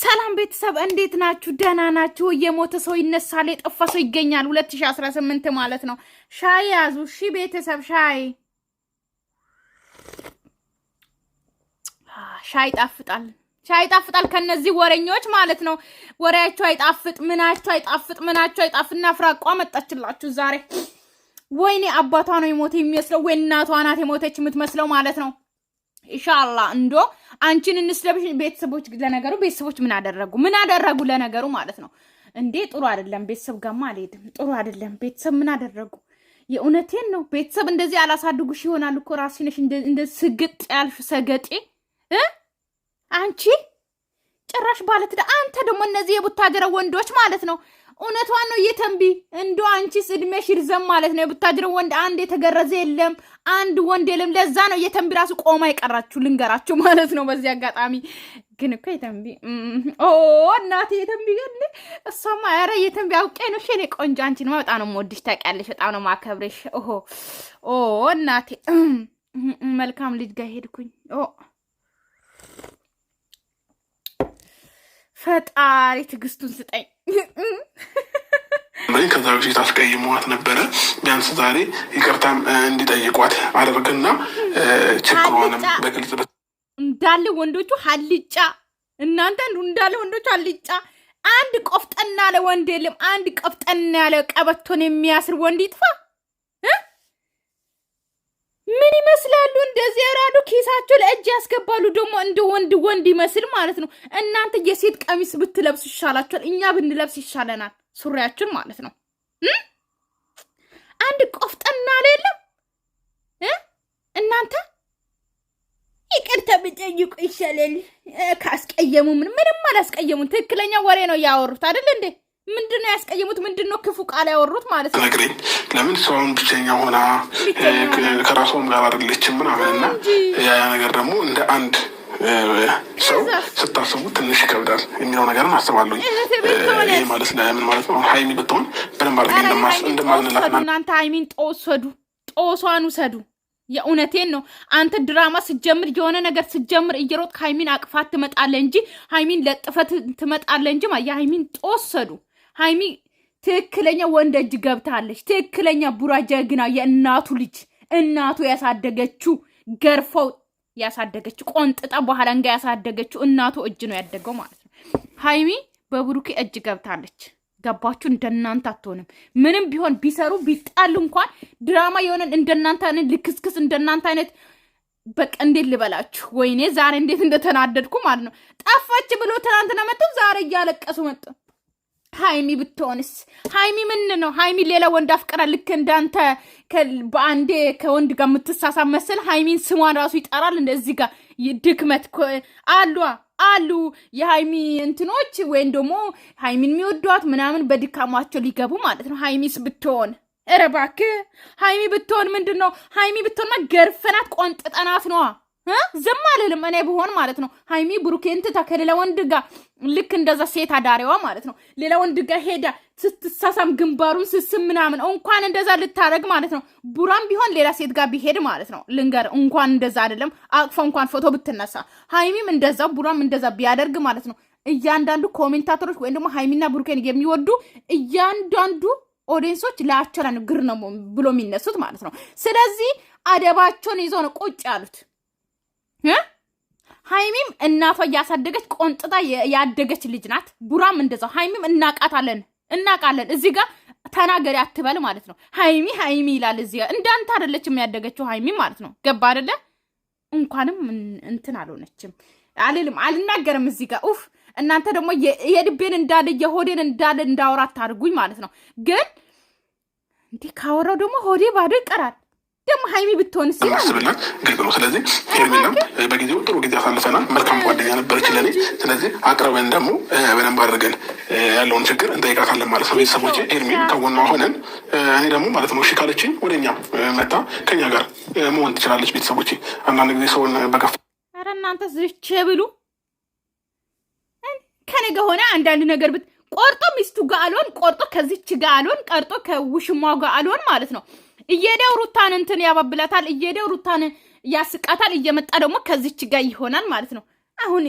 ሰላም ቤተሰብ እንዴት ናችሁ? ደህና ናችሁ? የሞተ ሰው ይነሳል፣ የጠፋ ሰው ይገኛል። 2018 ማለት ነው። ሻይ ያዙ። እሺ ቤተሰብ ሻይ ሻይ ይጣፍጣል፣ ሻይ ይጣፍጣል። ከነዚህ ወሬኞች ማለት ነው። ወሬያቸው አይጣፍጥ፣ ምናቸው አይጣፍጥ፣ ምናቸው አይጣፍጥና ፍራቋ መጣችላችሁ ዛሬ። ወይኔ አባቷ ነው የሞተ የሚመስለው ወይ እናቷ ናት የሞተች የምትመስለው ማለት ነው። ኢንሻአላ እንዶ አንቺን እንስለብሽ። ቤተሰቦች ለነገሩ ቤተሰቦች ምን አደረጉ ምን አደረጉ ለነገሩ ማለት ነው እንዴ ጥሩ አይደለም። ቤተሰብ ጋማ አልሄድም። ጥሩ አይደለም። ቤተሰብ ምን አደረጉ? የእውነቴን ነው። ቤተሰብ እንደዚህ አላሳድጉሽ ይሆናል እኮ ነሽ እንደ ስግጥ ያልሽ ሰገጤ እ አንቺ ጭራሽ ባለትዳ አንተ ደግሞ እነዚህ የቡታጀረ ወንዶች ማለት ነው እውነቷን ነው እየተንቢ እንዶ አንቺስ እድሜሽ ይርዘም ማለት ነው። የብታጅረው ወንድ አንድ የተገረዘ የለም አንድ ወንድ የለም። ለዛ ነው እየተንቢ ራሱ ቆማ ይቀራችሁ ልንገራችሁ ማለት ነው። በዚህ አጋጣሚ ግን እኮ የተንቢ ኦ እናቴ የተንቢ ገል እሷማ ኧረ የተንቢ አውቄ ነው ሸኔ ቆንጆ አንቺን በጣም ነው የምወድሽ ታውቂያለሽ። በጣም ነው ማከብሬሽ። ኦ ኦ እናቴ መልካም ልጅ ጋር ሄድኩኝ። ፈጣሪ ትዕግስቱን ስጠኝ። ከዛ በፊት አስቀይሟት ነበረ። ቢያንስ ዛሬ ይቅርታን እንዲጠይቋት አደርግና ችግሯንም በግልጽ እንዳለ ወንዶቹ ሀልጫ እናንተ እንዳለ ወንዶቹ አልጫ አንድ ቆፍጠና ያለ ወንድ የለም። አንድ ቆፍጠና ያለ ቀበቶን የሚያስር ወንድ ይጥፋ። ራሳቸው ለእጅ ያስገባሉ። ደግሞ እንደ ወንድ ወንድ ይመስል ማለት ነው። እናንተ የሴት ቀሚስ ብትለብሱ ይሻላችኋል። እኛ ብንለብስ ይሻለናል። ሱሪያችን ማለት ነው። አንድ ቆፍጠና የለም እናንተ ይቅርታ ብጠይቁ ይሻላል። ካስቀየሙ ምን ምንም አላስቀየሙን። ትክክለኛ ወሬ ነው ያወሩት አይደል እንዴ? ምንድን ነው ያስቀየሙት? ምንድን ነው ክፉ ቃል ያወሩት ማለት ነው? ነግሬ ለምን ሰውን ብቸኛ ሆና ከራሷም ጋር አይደለችም ምናምንና ያ ነገር ደግሞ እንደ አንድ ሰው ስታስቡ ትንሽ ይከብዳል የሚለው ነገርን አስባለሁ። ይህ ማለት ለምን ማለት ነው? ሀይሚ ብትሆን በደንብ አድርጌ እንደማዝንላት እናንተ ሀይሚን ጦሰዱ ጦሷን ውሰዱ። የእውነቴን ነው። አንተ ድራማ ስጀምር የሆነ ነገር ስጀምር እየሮጥ ከሀይሚን አቅፋት ትመጣለ እንጂ ሀይሚን ለጥፈት ትመጣለ እንጂ የሀይሚን ጦስ ወዱ ሀይሚ ትክክለኛ ወንድ እጅ ገብታለች። ትክክለኛ ቡራ ጀግና፣ የእናቱ ልጅ እናቱ ያሳደገችው ገርፈው ያሳደገችው ቆንጥጣ በኋላ እንጋ ያሳደገችው እናቱ እጅ ነው ያደገው ማለት ነው። ሀይሚ በብሩኬ እጅ ገብታለች። ገባችሁ? እንደናንተ አትሆንም። ምንም ቢሆን ቢሰሩ ቢጣሉ እንኳን ድራማ የሆነን እንደናንተ አይነት ልክስክስ እንደናንተ አይነት በቃ እንዴት ልበላችሁ? ወይኔ ዛሬ እንዴት እንደተናደድኩ ማለት ነው። ጠፋች ብሎ ትናንትና መጥተው ዛሬ እያለቀሱ መጥተው ሀይሚ ብትሆንስ? ሀይሚ ምን ነው? ሀይሚ ሌላ ወንድ አፍቅራ ልክ እንዳንተ በአንዴ ከወንድ ጋር የምትሳሳ መስል ሀይሚን ስሟን ራሱ ይጠራል። እንደዚህ ጋር ድክመት አሉ አሉ የሀይሚ እንትኖች ወይም ደግሞ ሀይሚን የሚወዷት ምናምን በድካማቸው ሊገቡ ማለት ነው። ሀይሚስ ብትሆን ረባክ ሀይሚ ብትሆን ምንድን ነው? ሀይሚ ብትሆንና ገርፈናት ቆንጥጠናት ነዋ። ዝም አልልም እኔ ብሆን ማለት ነው። ሀይሚ ብሩኬን ትታ ከሌላ ወንድ ጋር ልክ እንደዛ ሴት አዳሪዋ ማለት ነው ሌላ ወንድ ጋር ሄዳ ስትሳሳም ግንባሩን ስስም ምናምን እንኳን እንደዛ ልታደረግ ማለት ነው። ቡራም ቢሆን ሌላ ሴት ጋር ቢሄድ ማለት ነው ልንገር እንኳን እንደዛ አይደለም አቅፎ እንኳን ፎቶ ብትነሳ ሀይሚም እንደዛ ቡራም እንደዛ ቢያደርግ ማለት ነው እያንዳንዱ ኮሜንታተሮች ወይም ደግሞ ሀይሚና ብሩኬን የሚወዱ እያንዳንዱ ኦዲንሶች ለአቸላ ግር ነው ብሎ የሚነሱት ማለት ነው። ስለዚህ አደባቸውን ይዞ ነው ቁጭ ያሉት። ሀይሚም እናቷ እያሳደገች ቆንጥታ ያደገች ልጅ ናት። ቡራም እንደዛው። ሀይሚም እናቃታለን እናቃለን። እዚህ ጋር ተናገሪ አትበል ማለት ነው። ሀይሚ ሀይሚ ይላል እዚህ ጋር። እንዳንተ አደለች የሚያደገችው ሀይሚ ማለት ነው። ገባ አደለ? እንኳንም እንትን አልሆነችም። አልልም አልናገርም እዚህ ጋር ኡፍ። እናንተ ደግሞ የልቤን እንዳለ የሆዴን እንዳለ እንዳወራ አታድርጉኝ ማለት ነው። ግን እንዲህ ካወራው ደግሞ ሆዴ ባዶ ይቀራል። ደግሞ ሀይሚ ብትሆን ስብላት ግልጽ ስለዚህ ሄርሜላም በጊዜው ጥሩ ጊዜ አሳልፈናል። መልካም ጓደኛ ነበረች ለኔ። ስለዚህ አቅርበን ደግሞ በደንብ አድርገን ያለውን ችግር እንጠይቃታለን ማለት ነው። ቤተሰቦች ሄርሜል ከጎኗ ሆነን እኔ ደግሞ ማለት ነው እሺ ካለችኝ ወደ እኛ መታ ከኛ ጋር መሆን ትችላለች። ቤተሰቦች አንዳንድ ጊዜ ሰውን በከፍ ኧረ እናንተ ዝች ብሉ ከነገ ሆነ አንዳንድ ነገር ብት ቆርጦ ሚስቱ ጋር አልሆን ቆርጦ ከዚች ጋር አልሆን ቀርጦ ከውሽማ ጋር አልሆን ማለት ነው እየሄደው ሩታን እንትን ያባብላታል፣ እየሄደው ሩታን ያስቃታል፣ እየመጣ ደግሞ ከዚች ጋር ይሆናል ማለት ነው። አሁን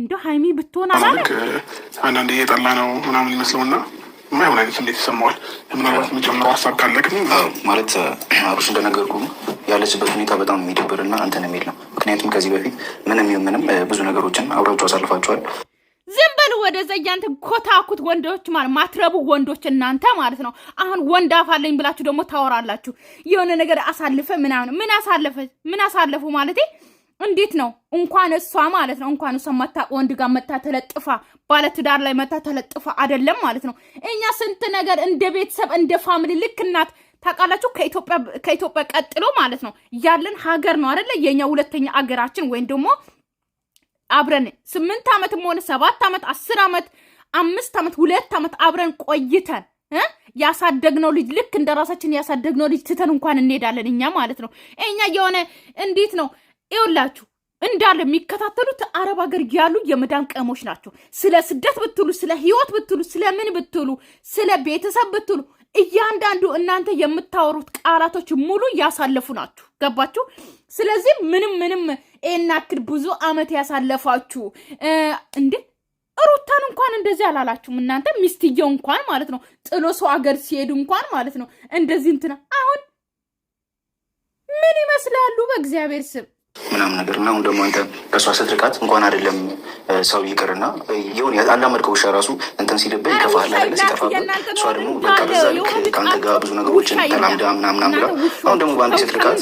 እንደ ሀይሚ ብትሆን አላ አንዳንድ እየጠላ ነው ምናምን ይመስለውና የማይሆን አይነት እንዴት ይሰማዋል። ምናልባት መጀመሪያ ሀሳብ ካለ ግን ማለት አብርሽ እንደነገርኩ ያለችበት ሁኔታ በጣም የሚደብርና እንትን የሚል ነው። ምክንያቱም ከዚህ በፊት ምንም ምንም ብዙ ነገሮችን አብራችሁ አሳልፋችኋል። ዝም በሉ ወደዛ። እያንተ ኮታኩት ወንዶች ማለት ማትረቡ ወንዶች እናንተ ማለት ነው። አሁን ወንድ አፋለኝ ብላችሁ ደግሞ ታወራላችሁ። የሆነ ነገር አሳልፈ ምናምን ምን አሳለፈ ምን አሳለፉ ማለት እንዴት ነው? እንኳን እሷ ማለት ነው እንኳን እሷ መታ ወንድ ጋር መታ ተለጥፋ ባለትዳር ላይ መታ ተለጥፋ አይደለም ማለት ነው። እኛ ስንት ነገር እንደ ቤተሰብ እንደ ፋሚሊ ልክ እናት ታውቃላችሁ ከኢትዮጵያ ቀጥሎ ማለት ነው ያለን ሀገር ነው አይደለ? የኛ ሁለተኛ አገራችን ወይም ደግሞ አብረን ስምንት ዓመትም ሆነ ሰባት ዓመት አስር ዓመት አምስት ዓመት ሁለት ዓመት አብረን ቆይተን ያሳደግነው ልጅ ልክ እንደ ራሳችን ያሳደግነው ልጅ ትተን እንኳን እንሄዳለን። እኛ ማለት ነው እኛ የሆነ እንዴት ነው ይውላችሁ እንዳለ የሚከታተሉት አረብ ሀገር ያሉ የመዳም ቀሞች ናቸው። ስለ ስደት ብትሉ፣ ስለ ህይወት ብትሉ፣ ስለ ምን ብትሉ፣ ስለ ቤተሰብ ብትሉ እያንዳንዱ እናንተ የምታወሩት ቃላቶች ሙሉ ያሳለፉ ናችሁ። ገባችሁ? ስለዚህ ምንም ምንም ይሄን ብዙ አመት ያሳለፋችሁ እንዴ ሩታን እንኳን እንደዚህ አላላችሁም እናንተ ሚስትየው እንኳን ማለት ነው ጥሎ ሰው አገር ሲሄዱ እንኳን ማለት ነው እንደዚህ እንትና አሁን ምን ይመስላሉ በእግዚአብሔር ስም ምናምን ነገር እና አሁን ደግሞ አንተ ከእሷ ስትርቃት እንኳን አይደለም ሰው ይቅርና የሆነ ያላመድከው ውሻ ራሱ እንትን ሲልበ ይከፋል አለ ሲጠፋብህ እሷ ደግሞ በቃ በዛ ልክ ከአንተ ጋር ብዙ ነገሮችን ተላምዳ ምናምና ብላ አሁን ደግሞ በአንተ ስትርቃት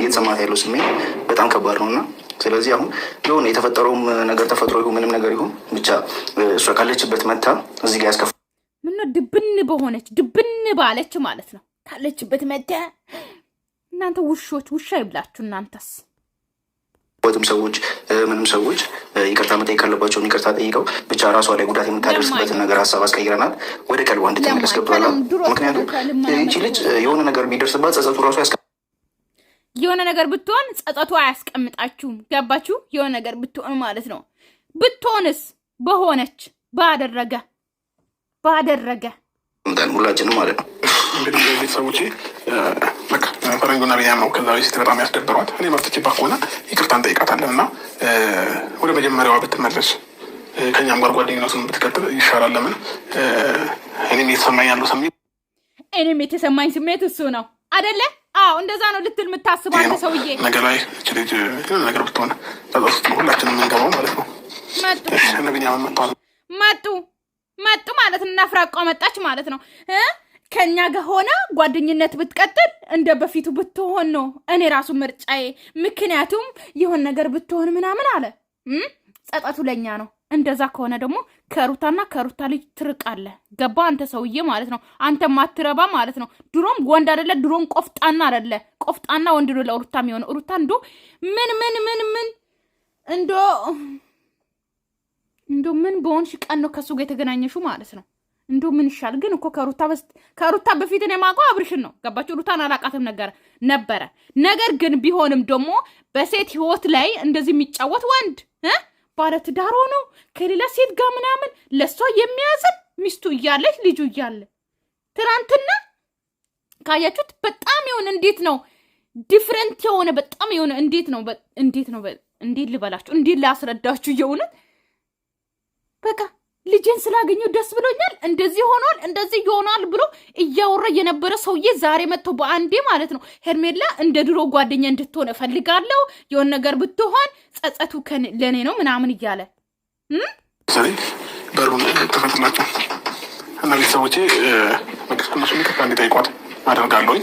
እየተሰማት ያለው ስሜት በጣም ከባድ ነው እና ስለዚህ አሁን የሆነ የተፈጠረውም ነገር ተፈጥሮ ይሁን ምንም ነገር ይሁን ብቻ እሷ ካለችበት መታ እዚህ ጋር ያስከፋ ምነው ድብን በሆነች ድብን ባለች ማለት ነው ካለችበት መታ እናንተ ውሾች ውሻ ይብላችሁ እናንተስ ወጥም ሰዎች ምንም ሰዎች ይቅርታ መጠየቅ ካለባቸውን ይቅርታ ጠይቀው ብቻ ራሷ ላይ ጉዳት የምታደርስበትን ነገር ሀሳብ አስቀይረናል። ወደ ቀልቧ እንድትመለስ ገብቷል። ምክንያቱም ይቺ ልጅ የሆነ ነገር ቢደርስባት ጸጸቱ ራሱ የሆነ ነገር ብትሆን ጸጸቱ አያስቀምጣችሁም። ገባችሁ? የሆነ ነገር ብትሆን ማለት ነው። ብትሆንስ በሆነች ባደረገ ባደረገ ሁላችንም ማለት ነው እንግዲህ ቤተሰቦቼ በቃ ፈረንጁና ብያም ነው። ከዛ ሴት በጣም ያስደበሯት። እኔ መፍትቼባት ከሆነ ይቅርታን ጠይቃታለን እና ወደ መጀመሪያዋ ብትመለስ ከኛም ጋር ጓደኝነቱን ብትቀጥል ይሻላል። ለምን እኔም የተሰማኝ ያለው ስሜት እኔም የተሰማኝ ስሜት እሱ ነው አደለ? አዎ እንደዛ ነው ልትል የምታስበው አንተ ሰውዬ። ነገ ላይ እች ልጅ ነገር ብትሆን ከዛ ውስጥ ሁላችንም የምንገባው ማለት ነው። መጡ መጡ መጡ ማለት ነው። እናፍራቋ መጣች ማለት ነው። ከእኛ ጋር ሆነ ጓደኝነት ብትቀጥል እንደ በፊቱ ብትሆን ነው እኔ ራሱ ምርጫዬ። ምክንያቱም የሆን ነገር ብትሆን ምናምን አለ ጸጠቱ ለኛ ነው። እንደዛ ከሆነ ደግሞ ከሩታና ከሩታ ልጅ ትርቃለ። ገባ አንተ ሰውዬ ማለት ነው። አንተ ማትረባ ማለት ነው። ድሮም ወንድ አደለ፣ ድሮም ቆፍጣና አደለ። ቆፍጣና ወንድ ነው ለሩታ የሚሆነ ሩታ እንዶ ምን ምን ምን ምን እንዶ እንዶ ምን በሆንሽ ቀን ነው ከሱ ጋር የተገናኘሹ ማለት ነው። እንዱ ምን ይሻል ግን እኮ ከሩታ ከሩታ በፊት እኔ የማውቀው አብርሽን ነው ገባችሁ። ሩታን አላቃትም ነገር ነበረ። ነገር ግን ቢሆንም ደግሞ በሴት ህይወት ላይ እንደዚህ የሚጫወት ወንድ ባለ ትዳር ሆኖ ከሌላ ሴት ጋር ምናምን ለእሷ የሚያዝን ሚስቱ እያለች ልጁ እያለ ትናንትና ካያችሁት በጣም የሆነ እንዴት ነው ዲፍረንት የሆነ በጣም የሆነ እንዴት ነው እንዴት ነው እንዴት ልበላችሁ እንዴት ላስረዳችሁ የእውነት በቃ ልጄን ስላገኘሁ ደስ ብሎኛል፣ እንደዚህ ሆኗል፣ እንደዚህ ይሆናል ብሎ እያወራ የነበረ ሰውዬ ዛሬ መጥቶ በአንዴ ማለት ነው ሄርሜላ እንደ ድሮ ጓደኛ እንድትሆን እፈልጋለሁ፣ የሆን ነገር ብትሆን ጸጸቱ ለእኔ ነው ምናምን እያለ በሩን ተፈትላቸው እና ቤተሰቦቼ መቅደስ ቅዱስ ሚቀጣ እንዲጠይቋት አደርጋለሁኝ።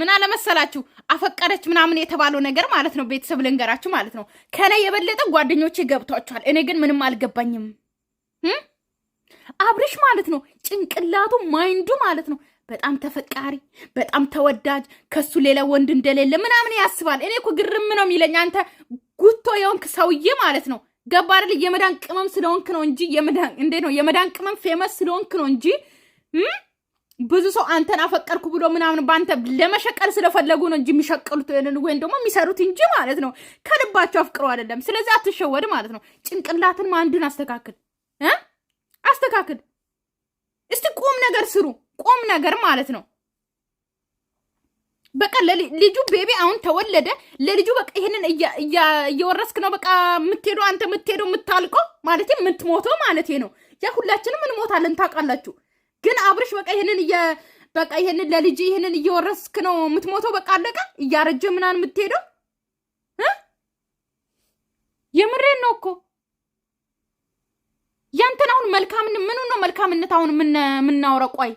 ምን አለመሰላችሁ አፈቀረች ምናምን የተባለው ነገር ማለት ነው። ቤተሰብ ልንገራችሁ ማለት ነው። ከላይ የበለጠ ጓደኞቼ ገብቷቸዋል። እኔ ግን ምንም አልገባኝም። አብርሽ ማለት ነው ጭንቅላቱ ማይንዱ ማለት ነው በጣም ተፈቃሪ፣ በጣም ተወዳጅ፣ ከሱ ሌላ ወንድ እንደሌለ ምናምን ያስባል። እኔ እኮ ግርም ነው የሚለኝ አንተ ጉቶ የሆንክ ሰውዬ ማለት ነው። ገባ አይደል? የመዳን ቅመም ስለሆንክ ነው እንጂ እንዴ ነው የመዳን ቅመም ፌመስ ስለሆንክ ነው እንጂ ብዙ ሰው አንተን አፈቀርኩ ብሎ ምናምን በአንተ ለመሸቀል ስለፈለጉ ነው እንጂ የሚሸቀሉት ወይም ደግሞ የሚሰሩት እንጂ ማለት ነው። ከልባቸው አፍቅሮ አይደለም። ስለዚህ አትሸወድ ማለት ነው። ጭንቅላትን አንድን አስተካክል አስተካክል። እስቲ ቁም ነገር ስሩ፣ ቁም ነገር ማለት ነው። በቃ ልጁ ቤቢ አሁን ተወለደ። ለልጁ በቃ ይህንን እየወረስክ ነው በቃ የምትሄደው አንተ የምትሄደው የምታልቀው ማለት የምትሞተው ማለት ነው። ያ ሁላችንም እንሞታለን ታውቃላችሁ። ግን አብርሽ በቃ ይህንን በቃ ይህንን ለልጅ ይህንን እየወረስክ ነው የምትሞተው። በቃ አለቀ። እያረጀ ምናን የምትሄደው የምሬን ነው እኮ ያንተን አሁን መልካምን ምኑ ነው መልካምነት አሁን የምናወረ ቆይ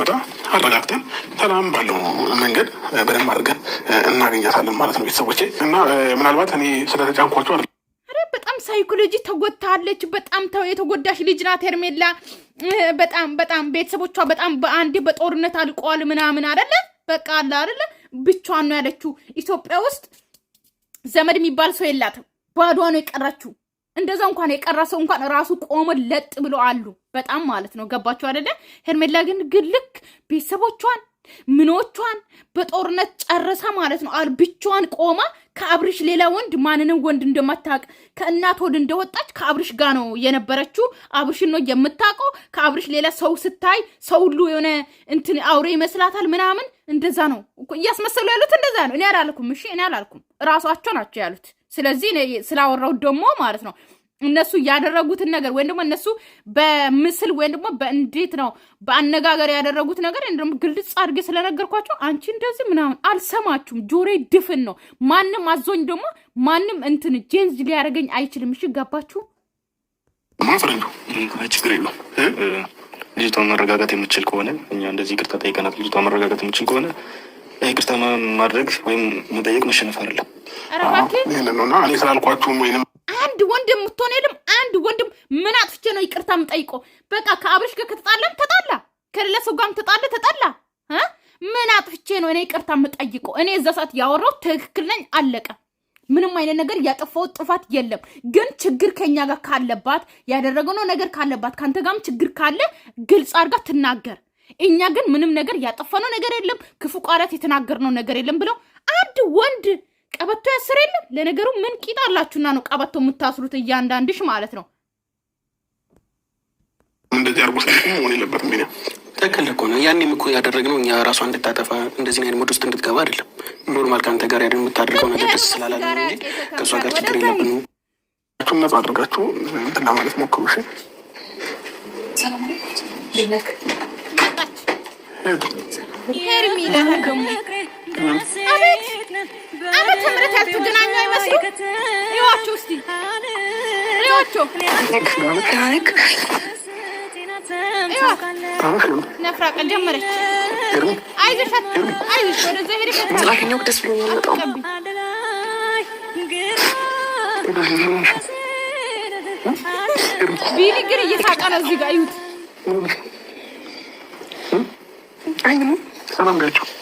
መጣ አረጋግተን ሰላም ባለው መንገድ በደንብ አድርገን እናገኛታለን ማለት ነው ቤተሰቦቼ እና ምናልባት እኔ ስለተጫንኳቸው ሳይኮሎጂ ተጎታለች በጣም የተጎዳሽ ልጅ ናት ሄርሜላ። በጣም በጣም ቤተሰቦቿ በጣም በአንዴ በጦርነት አልቀዋል ምናምን አደለ በቃ አለ አደለ ብቻዋን ነው ያለችው። ኢትዮጵያ ውስጥ ዘመድ የሚባል ሰው የላትም። ባዷ ነው የቀረችው። እንደዛ እንኳን የቀረ ሰው እንኳን ራሱ ቆመ ለጥ ብሎ አሉ። በጣም ማለት ነው ገባችሁ አደለ? ሄርሜላ ግን ግልክ ቤተሰቦቿን ምኖቿን በጦርነት ጨርሳ ማለት ነው አል ብቻዋን ቆማ ከአብርሽ ሌላ ወንድ ማንንም ወንድ እንደማታውቅ ከእናት ወድ እንደወጣች ከአብርሽ ጋ ነው የነበረችው። አብርሽን ነው የምታውቀው። ከአብርሽ ሌላ ሰው ስታይ ሰው ሁሉ የሆነ እንትን አውሬ ይመስላታል ምናምን እንደዛ ነው እያስመሰሉ ያሉት። እንደዛ ነው። እኔ አላልኩም። እሺ፣ እኔ አላልኩም። እራሷቸው ናቸው ያሉት። ስለዚህ ስላወራው ደግሞ ማለት ነው እነሱ ያደረጉትን ነገር ወይም ደግሞ እነሱ በምስል ወይም ደግሞ በእንዴት ነው በአነጋገር ያደረጉት ነገር ወይም ደግሞ ግልጽ አድርጌ ስለነገርኳቸው አንቺ እንደዚህ ምናምን አልሰማችሁም። ጆሬ ድፍን ነው። ማንም አዞኝ ደግሞ ማንም እንትን ጄንዝ ሊያደርገኝ አይችልም። እሺ ገባችሁ? ማፍረ ችግር የለው። ልጅቷን መረጋጋት የምችል ከሆነ እኛ እንደዚህ ይቅርታ ጠይቀናት፣ ልጅቷን መረጋጋት የምችል ከሆነ ይቅርታ ማድረግ ወይም መጠየቅ መሸነፍ አይደለም። ይህንን ነውና እኔ ስላልኳችሁም ወይም አንድ ወንድም የምትሆን የለም። አንድ ወንድም ምን አጥፍቼ ነው ይቅርታ የምጠይቀው? በቃ ከአብርሽ ጋር ከተጣላም ተጣላ፣ ከሌላ ሰው ጋርም ተጣላ ተጣላ። ምን አጥፍቼ ነው እኔ ይቅርታ የምጠይቀው? እኔ እዛ ሰዓት ያወራው ትክክል ነኝ፣ አለቀ። ምንም አይነት ነገር ያጠፋው ጥፋት የለም። ግን ችግር ከኛ ጋር ካለባት ያደረገነው ነገር ካለባት ከአንተ ጋርም ችግር ካለ ግልጽ አድርጋ ትናገር። እኛ ግን ምንም ነገር ያጠፋነው ነገር የለም፣ ክፉ ቃላት የተናገርነው ነገር የለም ብለው አንድ ወንድ ቀበቶ ያስር የለም። ለነገሩ ምን ቂጥ አላችሁና ነው ቀበቶ የምታስሩት? እያንዳንድሽ ማለት ነው እንደዚህ አርጎ መሆን የለበትም። ትክክል እኮ ነው። ያኔም እኮ ያደረግነው እኛ ራሷ እንድታጠፋ እንደዚህ አይነት ሞድ ውስጥ እንድትገባ አይደለም። ኖርማል ከአንተ ጋር ያደ የምታደርገው ነገር ደስ ስላላለ እንጂ ከእሷ ጋር ችግር የለብንም። ነጻ አድርጋችሁ እንትና ማለት ሞክሩ። እሺ ሄርሚ ዓመተ ምሕረት ያልተገናኙ አይመስሉ እዋቸው እስቲ እዋቸው ነፍራ ጀመረች። አይዞሽ አይዞሽ፣ ወደዛ ደስ ብሎኛል። ግን እየሳቀ ነው። እዚህ ጋር እዩት።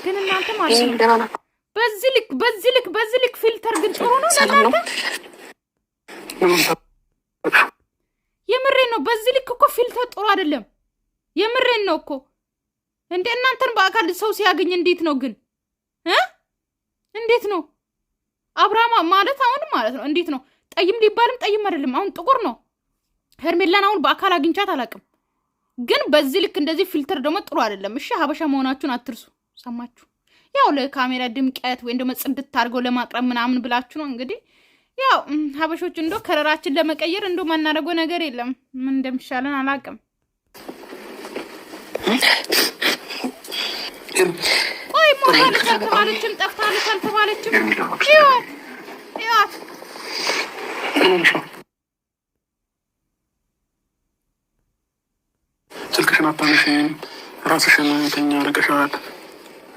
ግን እናንተ ማለት ነው በዚህ ልክ በዚህ ልክ በዚህ ልክ ፊልተር ግን ጥሩ ነው ለእናንተ የምሬ ነው። በዚህ ልክ እኮ ፊልተር ጥሩ አይደለም። የምሬን ነው እኮ እንደ እናንተን በአካል ሰው ሲያገኝ እንዴት ነው ግን እንዴት ነው አብርሃም ማለት አሁን ማለት ነው እንዴት ነው ጠይም ሊባልም ጠይም አይደለም። አሁን ጥቁር ነው። ሄርሜላን አሁን በአካል አግኝቻት አላውቅም፣ ግን በዚህ ልክ እንደዚህ ፊልተር ደግሞ ጥሩ አይደለም። እሺ ሀበሻ መሆናችሁን አትርሱ። ሰማችሁ። ያው ለካሜራ ድምቀት ወይም ደግሞ ጽድት አድርገው ለማቅረብ ምናምን ብላችሁ ነው እንግዲህ ያው ሀበሾች እንዶ ከረራችን ለመቀየር እንዶ ማናደርገው ነገር የለም። ምን እንደሚሻለን አላውቅም። ቆይ ሞታለች አልተባለችም፣ ጠፍታለች አልተባለችም። ስልክሽን አታነሽም፣ ራስሽን ተኛ አድርገሻል።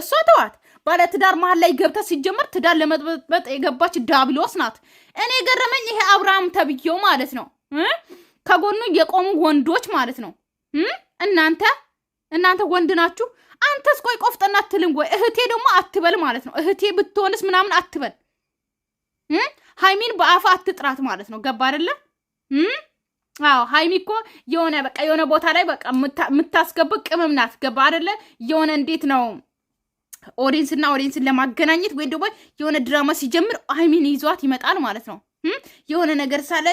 እሷ ተዋት። ባለ ትዳር መሀል ላይ ገብታ ሲጀመር ትዳር ለመጥበጥ የገባች ዳብሎስ ናት። እኔ የገረመኝ ይሄ አብርሃም ተብዬው ማለት ነው ከጎኑ የቆሙ ወንዶች ማለት ነው። እናንተ እናንተ ወንድ ናችሁ። አንተስ ቆይ ቆፍጠና አትልም ወይ? እህቴ ደግሞ አትበል ማለት ነው። እህቴ ብትሆንስ ምናምን አትበል። ሃይሚን በአፍ አትጥራት ማለት ነው። ገባ አይደለ? አዎ ሃይሚ እኮ የሆነ በቃ የሆነ ቦታ ላይ በቃ የምታስገባ ቅመም ናት። ገባ አደለ? የሆነ እንዴት ነው ኦዲንስ እና ኦዲንስን ለማገናኘት ወይም ደግሞ የሆነ ድራማ ሲጀምር ሀይሚን ይዟት ይመጣል ማለት ነው። የሆነ ነገር ሳለ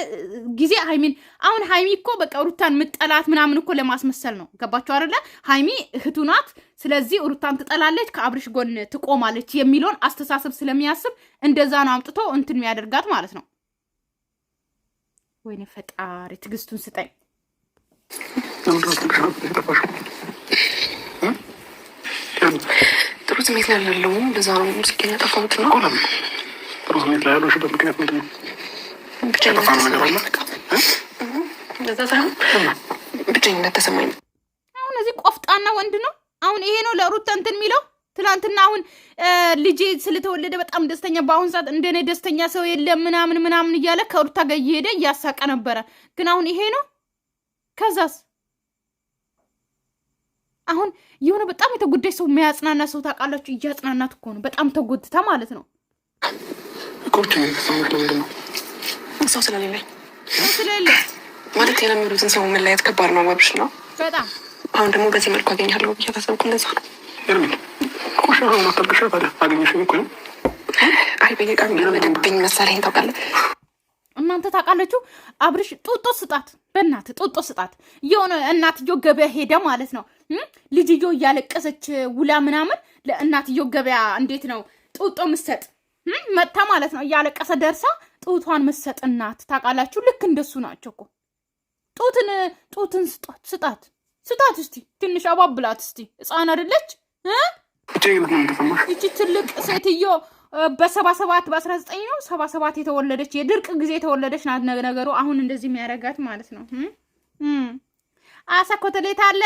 ጊዜ ሀይሚን አሁን ሀይሚ እኮ በቃ ሩታን ምጠላት ምናምን እኮ ለማስመሰል ነው። ገባችሁ አይደለ? ሀይሚ እህቱ ናት። ስለዚህ ሩታን ትጠላለች፣ ከአብርሽ ጎን ትቆማለች የሚለውን አስተሳሰብ ስለሚያስብ እንደዛ ነው አምጥቶ እንትን የሚያደርጋት ማለት ነው። ወይኔ ፈጣሪ ትግስቱን ስጠኝ። ጥሩ ስሜት ላይ ያለውም በዛ ነው ሙዚቀኛ ጠፋሁት ነው ቆለም ጥሩ ስሜት ላይ ያለው ሽበት ምክንያት ምንድን ነው? ብቸኝነት ተሰማኝ። አሁን እዚህ ቆፍጣና ወንድ ነው። አሁን ይሄ ነው ለሩታ እንትን የሚለው ትላንትና አሁን ልጄ ስለተወለደ በጣም ደስተኛ፣ በአሁን ሰዓት እንደኔ ደስተኛ ሰው የለም ምናምን ምናምን እያለ ከሩታ ጋር እየሄደ እያሳቀ ነበረ። ግን አሁን ይሄ ነው ከዛስ አሁን የሆነ በጣም የተጎዳች ሰው የሚያጽናና ሰው ታውቃላችሁ? እያጽናናት እኮ ነው። በጣም ተጎድታ ማለት ነው። ሰው ስለሌለኝ ስለሌለ ማለት የለመዱትን ሰው መለያየት ከባድ ነው። መብሽ ነው በጣም አሁን ደግሞ በዚህ መልኩ አገኛለሁ ብዬ ታሰብኩ። እንደዛ ነው አይ በየቀኑ መደብኝ መሳሪያ ታውቃለህ እናንተ ታውቃለችሁ። አብርሽ ጡጦ ስጣት፣ በእናት ጡጦ ስጣት። የሆነ እናትዮ ገበያ ሄደ ማለት ነው ልጅዮ እያለቀሰች ውላ ምናምን ለእናትዮ ገበያ እንዴት ነው ጡጦ ምሰጥ መጥታ ማለት ነው እያለቀሰ ደርሳ ጡቷን ምሰጥ እናት ታውቃላችሁ። ልክ እንደሱ ናቸው እኮ ጡትን ጡትን ስጣት ስጣት ስጣት እስቲ ትንሽ አባብላት እስቲ ህፃን አይደለች ይቺ ትልቅ ሴትዮ በሰባ ሰባት በአስራ ዘጠኝ ነው ሰባ ሰባት የተወለደች የድርቅ ጊዜ የተወለደች ናት ነገሩ አሁን እንደዚህ የሚያደርጋት ማለት ነው አሳ ኮተሌት አለ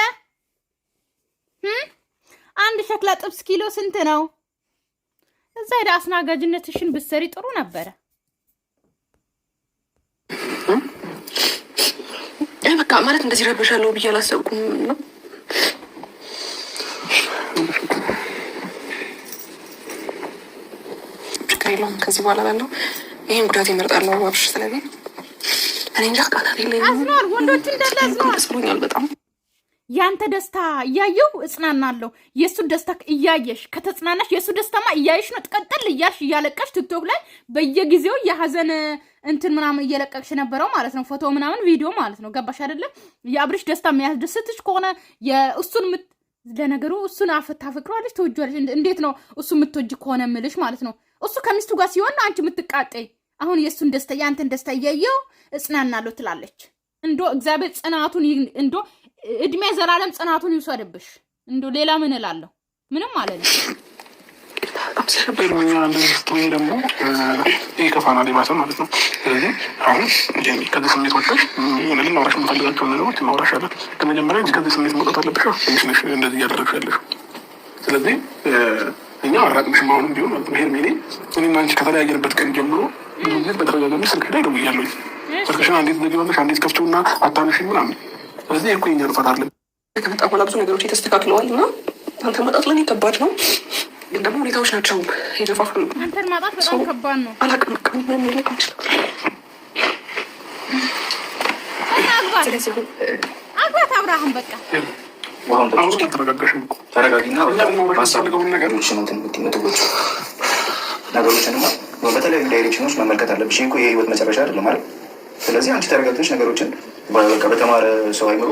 አንድ ሸክላ ጥብስ ኪሎ ስንት ነው? እዛ ሄደ አስናጋጅነትሽን ብትሰሪ ጥሩ ነበረ። በቃ ማለት እንደዚህ ረብሻለሁ ብዬ አላሰብኩም ነው። ከዚህ በኋላ ላለው ይህን ጉዳት ይመርጣለሁ። አብሽ ስለዚህ እኔ እንጃ ቃላት የለኝም። አዝኗል። ወንዶች እንዳለ አዝኗል። ደስ በጣም ያንተ ደስታ እያየው እጽናናለሁ። የእሱን ደስታ እያየሽ ከተጽናናሽ የእሱ ደስታማ እያየሽ ነው። ጥቀጠል እያልሽ እያለቀሽ ትቶክ ላይ በየጊዜው የሀዘን እንትን ምናምን እየለቀቅሽ ነበረው ማለት ነው። ፎቶ ምናምን ቪዲዮ ማለት ነው። ገባሽ አይደለም? የአብርሽ ደስታ የሚያስደስትሽ ከሆነ የእሱን ለነገሩ እሱን ታፈቅረዋለሽ፣ ትወጂዋለሽ። እንዴት ነው እሱ የምትወጅ ከሆነ ምልሽ ማለት ነው። እሱ ከሚስቱ ጋር ሲሆን አንቺ የምትቃጠይ። አሁን የእሱን ደስታ የአንተን ደስታ እያየው እጽናናለሁ ትላለች። እንዶ እግዚአብሔር ጽናቱን እንዶ እድሜ ዘላለም ጽናቱን ይውሰድብሽ። እንዶ ሌላ ምን እላለሁ? ምንም ማለት ነው። ወይ ደግሞ ይከፋናል የባሰ ማለት ነው። ስለዚህ አሁን እኛ አራቅምሽም አሁንም ቢሆን ማለት ነው። ሄርሜሌ እኔና አንቺ ከተለያየንበት ቀን ጀምሮ በተደጋጋሚ ስልክሽ ላይ ደውያለሁ። ስልክሽን አንዴት ዘግባለሽ፣ አንዴት ከፍችውና አታነሽኝ ምናምን ስለዚህ እኮ የኛ ጥፋት አለ። ከመጣ በኋላ ብዙ ነገሮች የተስተካክለዋል እና አንተ መጣት ለኔ ከባድ ነው፣ ግን ደግሞ ሁኔታዎች ናቸው የገፋፉን። አንተን ማጣት በጣም ከባድ ነው። አላቅም አግባት አብርሃም በቃ ነገሮች ነው ነገሮችንማ በተለያዩ ዳይሬክሽኖች መመልከት አለብሽ። ይህ የህይወት መጨረሻ አይደለም አይደል? ስለዚህ አንቺ ተረጋግተሽ ነገሮችን በቃ በተማረ ሰው አይምሮ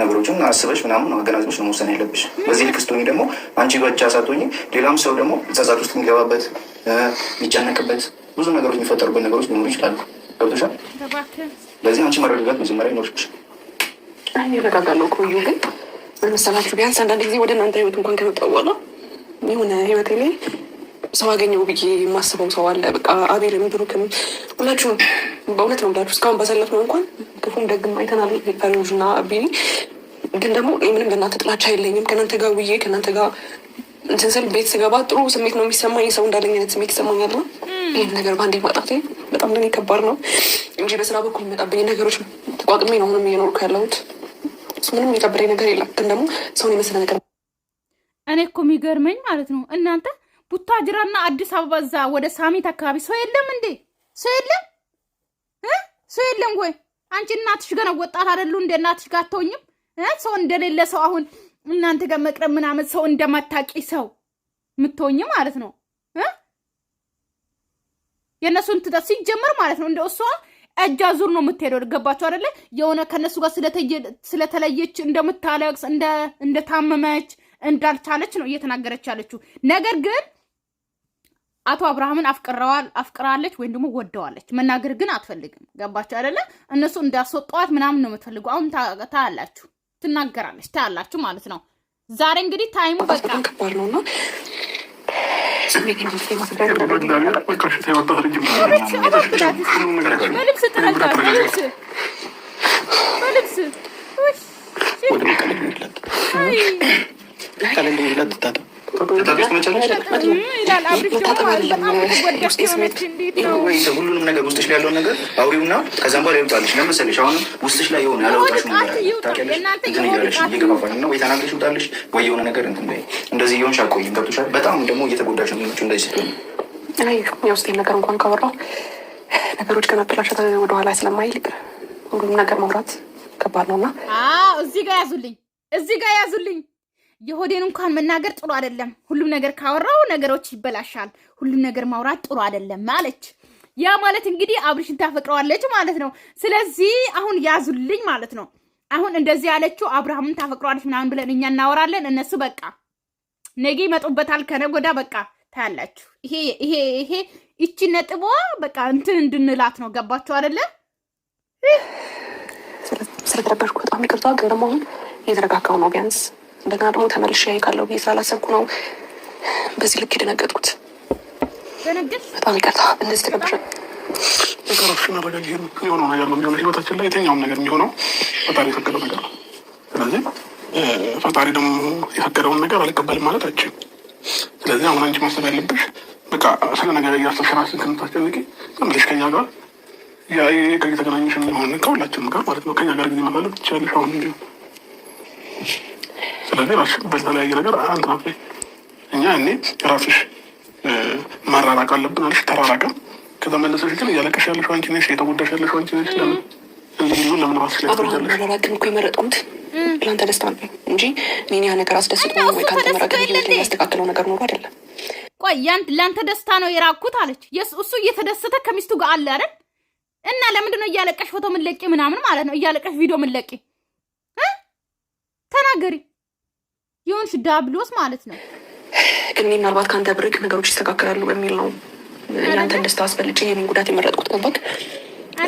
ነገሮችን አስበሽ ምናምን አገናዝበሽ ነው መወሰን ያለብሽ። በዚህ ልክ ስትሆኝ ደግሞ አንቺ ብቻ ሳትሆኝ ሌላም ሰው ደግሞ ጸጸት ውስጥ የሚገባበት የሚጨነቅበት ብዙ ነገሮች የሚፈጠሩበት ነገሮች ሊኖሩ ይችላሉ። ገብቶሻል? ለዚህ አንቺ መረጋጋት መጀመሪያ ይኖርብሽ። ይረጋጋለሁ ቆዩ። ግን ምን መሰላችሁ፣ ቢያንስ አንዳንድ ጊዜ ወደ እናንተ ህይወት እንኳን ከመጣ በኋላ የሆነ ህይወቴ ላይ ሰው አገኘው ብዬ የማስበው ሰው አለ። በቃ አቤልም ብሩክም በእውነት ነው ብላችሁ እስካሁን ነው እንኳን ክፉም ደግም አይተናል። ፈሪዎች እና ቢኒ ግን ደግሞ ምንም በእናተ ጥላቻ የለኝም። ከእናንተ ጋር ውዬ ከእናንተ ጋር እንትን ስል ቤት ስገባ ጥሩ ስሜት ነው የሚሰማኝ። ሰው እንዳለኝ አይነት ስሜት ይሰማኛል። ይህን ነገር በአንዴ ማጣቴ በጣም ለኔ ከባድ ነው እንጂ በስራ በኩል የሚመጣብኝ ነገሮች ተቋቅሜ ነው አሁንም እየኖርኩ ያለሁት። ምንም የሚከብደኝ ነገር የለም። ግን ደግሞ ሰውን የመሰለ ነገር እኔ እኮ የሚገርመኝ ማለት ነው እናንተ ቡታጅራና አዲስ አበባ እዛ ወደ ሳሚት አካባቢ ሰው የለም እንዴ? ሰው የለም፣ ሰው የለም ወይ? አንቺ እናትሽ ገና ወጣት አደሉ እንደ እናትሽ ጋር አትሆኝም? ሰው እንደሌለ ሰው አሁን እናንተ ጋር መቅረብ ምናምን ሰው እንደማታቂ ሰው ምትሆኝ ማለት ነው። የእነሱን ትጠት ሲጀመር ማለት ነው እንደ እሷ እጅ አዙር ነው የምትሄደው። ገባችሁ አደለ የሆነ ከእነሱ ጋር ስለተለየች እንደምታለቅስ እንደታመመች እንዳልቻለች ነው እየተናገረች ያለችው ነገር ግን አቶ አብርሃምን አፍቅራለች ወይም ደግሞ ወደዋለች መናገር ግን አትፈልግም። ገባችሁ አይደለ? እነሱ እንዳስወጣዋት ምናምን ነው የምትፈልጉ። አሁን ታያላችሁ፣ ትናገራለች፣ ታያላችሁ ማለት ነው። ዛሬ እንግዲህ ታይሙ በቃ ልብስ ሁሉንም ነገር ውስጥሽ ላይ ያለውን ነገር አውሪውና ከዛም በኋላ ይውጣልሽ። አሁንም ውስጥሽ ላይ የሆነ ወይ ተናግረሽ ይውጣልሽ ወይ የሆነ ነገር እንደዚህ እየሆንሽ አቆይም። ገብቶሻል? በጣም ደግሞ እየተጎዳሽ ነው። እንደዚህ የውስጤን ነገር እንኳን ነገሮች ከመበላሸት ወደኋላ ሁሉም ነገር ማውራት ከባድ ነው እና እዚህ ጋር ያዙልኝ፣ እዚህ ጋር ያዙልኝ። የሆዴን እንኳን መናገር ጥሩ አይደለም። ሁሉም ነገር ካወራው ነገሮች ይበላሻል። ሁሉም ነገር ማውራት ጥሩ አይደለም ማለች። ያ ማለት እንግዲህ አብርሽን ታፈቅረዋለች ማለት ነው። ስለዚህ አሁን ያዙልኝ ማለት ነው። አሁን እንደዚህ ያለችው አብርሃምን ታፈቅረዋለች ምናምን ብለን እኛ እናወራለን። እነሱ በቃ ነገ ይመጡበታል፣ ከነጎዳ በቃ ታያላችሁ። ይሄ ይሄ ይሄ ይቺ ነጥቦ በቃ እንትን እንድንላት ነው። ገባችሁ አደለ? ስለተረበሽኩ በጣም ይቅርታ። ግን የተረጋጋው ነው ቢያንስ እንደገና ደግሞ ተመልሼ ካለው ብዬ ስላላሰብኩ ነው በዚህ ልክ የደነገጥኩት። በጣም ይቅርታ። እንደዚህ ተቀብሽ ነገሮች እና በገ የሆነው ነገር ነው የሚሆነው። ህይወታችን ላይ የትኛውም ነገር የሚሆነው ፈጣሪ የፈቀደው ነገር ነው። ስለዚህ ፈጣሪ ደግሞ የፈቀደውን ነገር አልቀበልም ማለት አይችልም። ስለዚህ አሁን አንቺ ማሰብ ያለብሽ በቃ ስለ ነገር እያሰብሽ ራስሽን ምልሽ ከኛ ጋር የተገናኘሽ የሚሆን ከሁላችንም ጋር ማለት ነው ከኛ ጋር ጊዜ ማሳለፍ ትችላለሽ አሁን እንጂ በተለያየ በተለያየ ነገር አንት እኛ እኔ ራስሽ ማራራቅ አለብን አልሽ፣ ተራራቀም። ከዛ ግን እያለቀሽ ያለሽ አንቺ ነሽ፣ የተጎዳሽ ያለሽ አንቺ ነሽ። ለምን እንዲህ ለምን ራስሽ ላይ እኮ የመረጥኩት ለአንተ ደስታ ነው እንጂ እኔን ያ ነገር አስደስቶ ወይ ከአንተ መራቅ የሚያስተካክለው ነገር ኖሮ አይደለም። ቆይ ለአንተ ደስታ ነው የራኩት አለች። እሱ እየተደሰተ ከሚስቱ ጋር አለ አይደል? እና ለምንድን ነው እያለቀሽ ፎቶ ምለቂ ምናምን ማለት ነው? እያለቀሽ ቪዲዮ ምለቂ ተናገሪ የሆንሽ ዳብሎስ ማለት ነው። ግን እኔ ምናልባት ከአንተ ብርቅ ነገሮች ይስተካከላሉ በሚል ነው ያንተን ደስታ አስፈልጭ ይህንን ጉዳት የመረጥኩት ገባክ።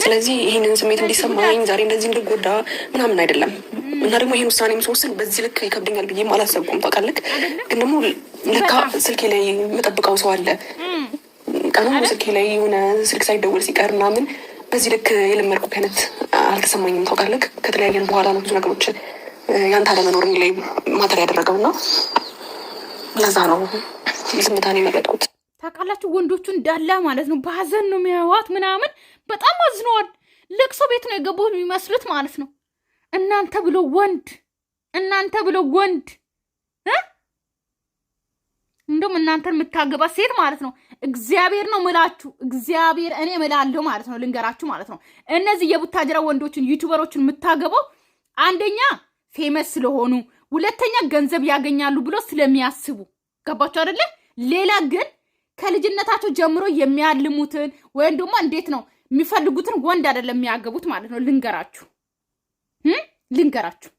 ስለዚህ ይህንን ስሜት እንዲሰማኝ ዛሬ እንደዚህ እንድጎዳ ምናምን አይደለም እና ደግሞ ይህን ውሳኔ ምስወስን በዚህ ልክ ይከብደኛል ብዬ አላሰብኩም። ታውቃለህ፣ ግን ደግሞ ለካ ስልኬ ላይ የምጠብቀው ሰው አለ። ቀኑ ስልኬ ላይ የሆነ ስልክ ሳይደወል ሲቀር ምናምን በዚህ ልክ የለመድኩት አይነት አልተሰማኝም። ታውቃለህ፣ ከተለያየን በኋላ ነው ብዙ ነገሮች ያንተ አለመኖር ላይ ማተር ያደረገው እና ለዛ ነው ዝምታን የመረጥኩት። ታውቃላችሁ ወንዶቹ እንዳለ ማለት ነው በሀዘን ነው የሚያዋት ምናምን በጣም አዝነዋል። ለቅሶ ቤት ነው የገቡ የሚመስሉት ማለት ነው። እናንተ ብሎ ወንድ እናንተ ብሎ ወንድ እንደውም እናንተን የምታገባ ሴት ማለት ነው። እግዚአብሔር ነው ምላችሁ፣ እግዚአብሔር እኔ ምላለሁ ማለት ነው። ልንገራችሁ ማለት ነው እነዚህ የቡታጅራ ወንዶችን ዩቱበሮችን የምታገባው አንደኛ ፌመስ ስለሆኑ፣ ሁለተኛ ገንዘብ ያገኛሉ ብሎ ስለሚያስቡ ገባቸ አይደለ? ሌላ ግን ከልጅነታቸው ጀምሮ የሚያልሙትን ወይም ደግሞ እንዴት ነው የሚፈልጉትን ወንድ አይደለም የሚያገቡት ማለት ነው። ልንገራችሁ ልንገራችሁ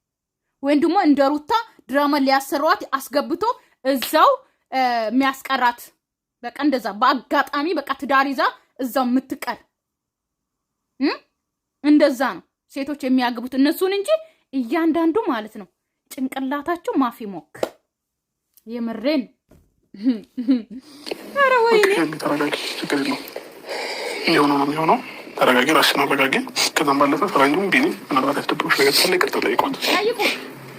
ወይም ደግሞ እንደ ሩታ ድራማ ሊያሰሯት አስገብቶ እዛው የሚያስቀራት በቃ እንደዛ በአጋጣሚ በቃ ትዳር ይዛ እዛው የምትቀር እንደዛ ነው ሴቶች የሚያገቡት እነሱን እንጂ እያንዳንዱ ማለት ነው ጭንቅላታችሁ ማፊ ሞክ የምሬን። ኧረ ወይኔ ተረጋጊ፣ ችግር ነው የሆነው ነው የሚሆነው። ተረጋጊ፣ ራስሽን አረጋጊ። ከዛም ባለፈ ፈራንጁም ቢኒ ምናልባት ያስደብሮች ነገር ስለ ይቅርታ ጠይቋት።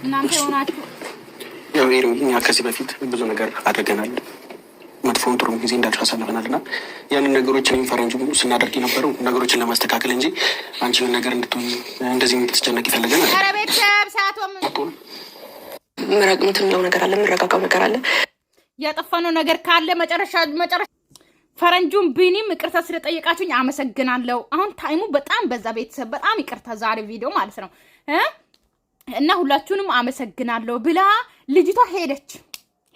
እናንተ የሆናችሁ ያው እኛ ከዚህ በፊት ብዙ ነገር አድርገናል። መጥፎ ጥሩ ጊዜ እንዳጭር አሳልፈናል እና ያንን ነገሮች ፈረንጅ ፈረንጁ ስናደርግ የነበረው ነገሮችን ለማስተካከል እንጂ አንቺ ምን ነገር እንድትሆኝ እንደዚህ እንድትጨነቅ ይፈለገን ምረቅ ምትምለው ነገር አለ፣ የምረጋጋው ነገር አለ። ያጠፋነው ነገር ካለ መጨረሻ መጨረሻ ፈረንጁን ቢኒም ይቅርታ ስለጠየቃችሁኝ አመሰግናለሁ። አሁን ታይሙ በጣም በዛ፣ ቤተሰብ በጣም ይቅርታ ዛሬ ቪዲዮ ማለት ነው እና ሁላችሁንም አመሰግናለሁ ብላ ልጅቷ ሄደች።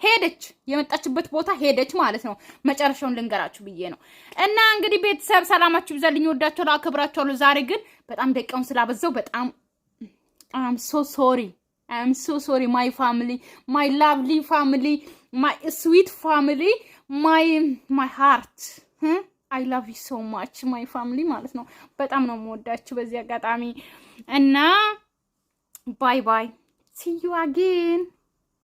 ሄደች የመጣችበት ቦታ ሄደች ማለት ነው። መጨረሻውን ልንገራችሁ ብዬ ነው። እና እንግዲህ ቤተሰብ ሰላማችሁ ይብዛልኝ። ወዳችኋለሁ፣ አከብራችኋለሁ። ዛሬ ግን በጣም ደቂቃውን ስላበዛው በጣም አም ሶ ሶሪ አም ሶ ሶሪ ማይ ፋሚሊ ማይ ላቭሊ ፋሚሊ ማይ ስዊት ፋሚሊ ማይ ማይ ሃርት አይ ላቭ ዩ ሶ ማች ማይ ፋሚሊ ማለት ነው። በጣም ነው የምወዳችሁ በዚህ አጋጣሚ እና ባይ ባይ ሲዩ አጌን